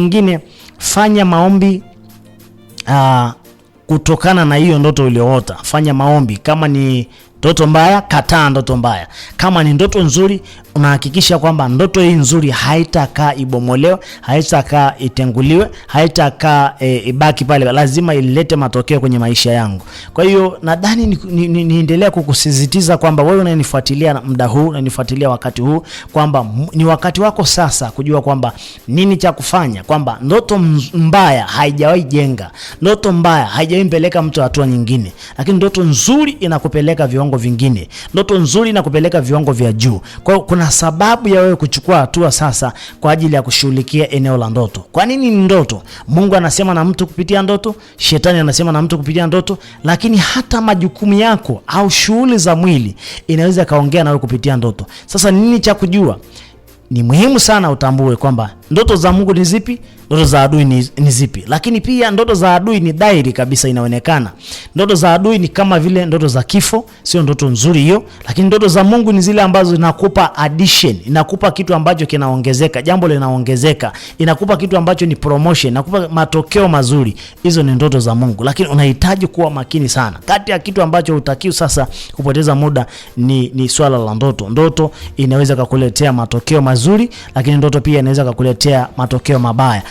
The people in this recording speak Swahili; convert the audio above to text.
Mwingine fanya maombi uh, kutokana na hiyo ndoto uliyoota. Fanya maombi kama ni Ndoto mbaya, kataa ndoto mbaya. Kama ni ndoto nzuri, unahakikisha kwamba ndoto hii nzuri haitakaa ibomolewe, haitakaa itenguliwe, haitakaa e, ibaki pale, lazima ilete matokeo kwenye maisha yangu. Kwa hiyo nadhani niendelea ni, ni, ni kukusisitiza kwamba wewe unanifuatilia muda huu, unanifuatilia wakati huu, kwamba ni wakati wako sasa kujua kwamba nini cha kufanya, kwamba ndoto mbaya haijawahi jenga, ndoto mbaya haijawahi mpeleka mtu hatua nyingine, lakini ndoto nzuri inakupeleka viwango viwango vingine, ndoto nzuri na kupeleka viwango vya juu. Kwa hiyo kuna sababu ya wewe kuchukua hatua sasa kwa ajili ya kushughulikia eneo la ndoto. Kwa nini ni ndoto? Mungu anasema na mtu kupitia ndoto, shetani anasema na mtu kupitia ndoto, lakini hata majukumu yako au shughuli za mwili inaweza kaongea nawe kupitia ndoto. Sasa nini cha kujua? Ni muhimu sana utambue kwamba ndoto za Mungu ni zipi? Ndoto za adui ni, ni zipi? Lakini pia ndoto za adui ni dairi kabisa, inaonekana ndoto za adui ni kama vile ndoto za kifo, sio ndoto nzuri hiyo. Lakini ndoto za Mungu ni zile ambazo zinakupa addition, inakupa kitu ambacho kinaongezeka, jambo linaongezeka, inakupa kitu ambacho ni promotion, inakupa matokeo mazuri. Hizo ni ndoto za Mungu, lakini unahitaji kuwa makini sana. Kati ya kitu ambacho hutakiwi sasa kupoteza muda ni, ni swala la ndoto. Ndoto inaweza kukuletea matokeo mazuri, lakini ndoto pia inaweza kukuletea kuletea matokeo mabaya.